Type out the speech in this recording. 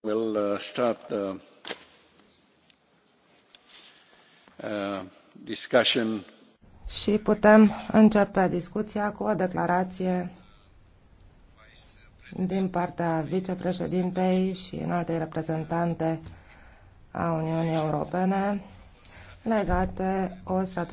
Uh, start uh, discussion. Și putem începe discuția cu o declarație din partea vicepreședintei și înaltei reprezentante a Uniunii Europene legate o strategie